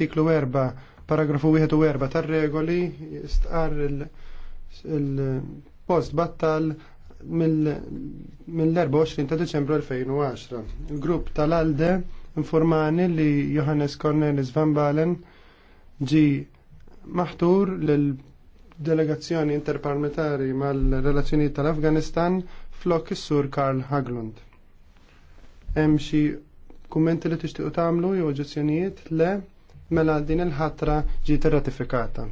artiklu 4 paragrafu 1 tar-regoli istqar il-post battal mill-24 ta' Deċembru 2010. Il-grupp tal-Alde informani li Johannes Cornelis Van Balen ġi maħtur lil delegazzjoni interparlamentari mal-relazzjoni tal-Afganistan flok is-sur Karl Haglund. Hemm xi kummenti li tixtiequ tagħmlu jew oġġezzjonijiet le mela din il-ħatra ġiet irratifikata.